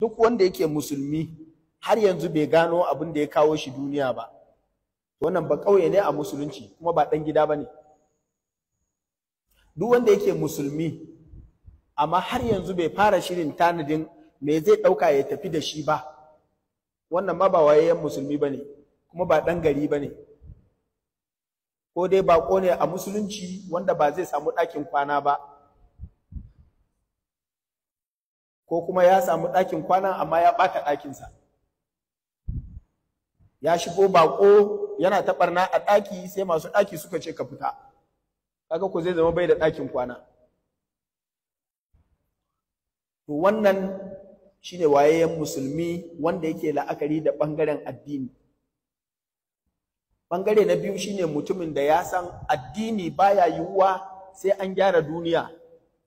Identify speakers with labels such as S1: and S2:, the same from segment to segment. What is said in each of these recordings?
S1: duk wanda yake musulmi har yanzu bai gano abin da ya kawo shi duniya ba wannan ba ƙauye ne a musulunci kuma ba ɗan gida ba duk wanda yake musulmi amma har yanzu bai fara shirin tanadin me zai ɗauka ya tafi da shi ba wannan ma ba wayayyen musulmi ba ne kuma ba ɗan gari ba ko dai baƙo ne a musulunci wanda ba zai samu ɗakin kwana ba ko kuma ya samu ɗakin kwana amma ya ɓata ɗakinsa ya shigo baƙo yana ta ɓarna a ɗaki sai masu ɗaki suka ce ka fita kaga ku zai zama bai da ɗakin kwana to wannan shine wayayyen musulmi wanda yake la'akari da ɓangaren addini ɓangare na biyu shine mutumin da ya san addini baya yiwuwa sai an gyara duniya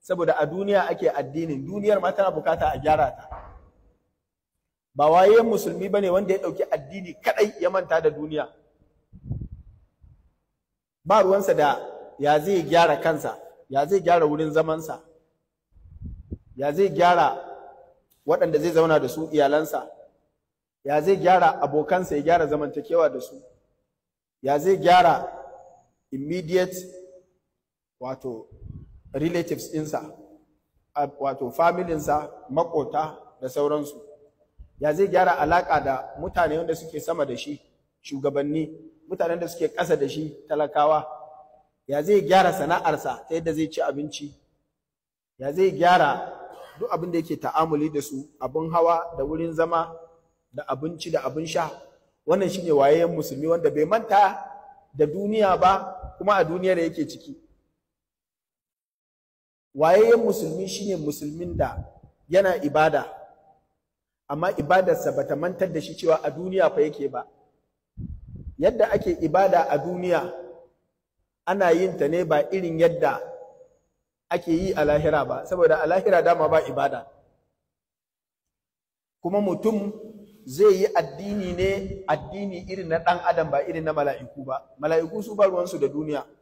S1: saboda a duniya ake addinin duniyar ma tana bukata a gyara ta ba waye musulmi ba ne wanda ya ɗauki addini kaɗai ya manta da duniya ba ruwansa da ya zai gyara kansa ya zai gyara wurin zamansa ya zai gyara waɗanda zai zauna da su iyalansa ya zai gyara abokansa ya gyara zamantakewa da su ya zai gyara immediate wato relatives ɗinsa wato familinsa makota da sauransu ya zai gyara alaƙa da mutane wanda suke sama da shi shugabanni Mutane da suke ƙasa da shi talakawa ya zai gyara sana'arsa ta yadda zai ci abinci ya zai gyara duk abin da yake ta'amuli da su abin hawa da wurin zama da abinci da abin sha wannan shine wayayyen musulmi wanda bai manta da duniya ba kuma a duniyar yake ciki wayayyen musulmi shine musulmin da yana ibada amma ibadarsa bata mantar da shi cewa a duniya fa yake ba yadda ake ibada a duniya ana yin ta ne ba irin yadda ake yi a lahira ba saboda a lahira dama ba ibada kuma mutum zai yi addini ne addini irin na ɗan adam ba irin na mala'iku ba mala'iku su ba ruwansu da duniya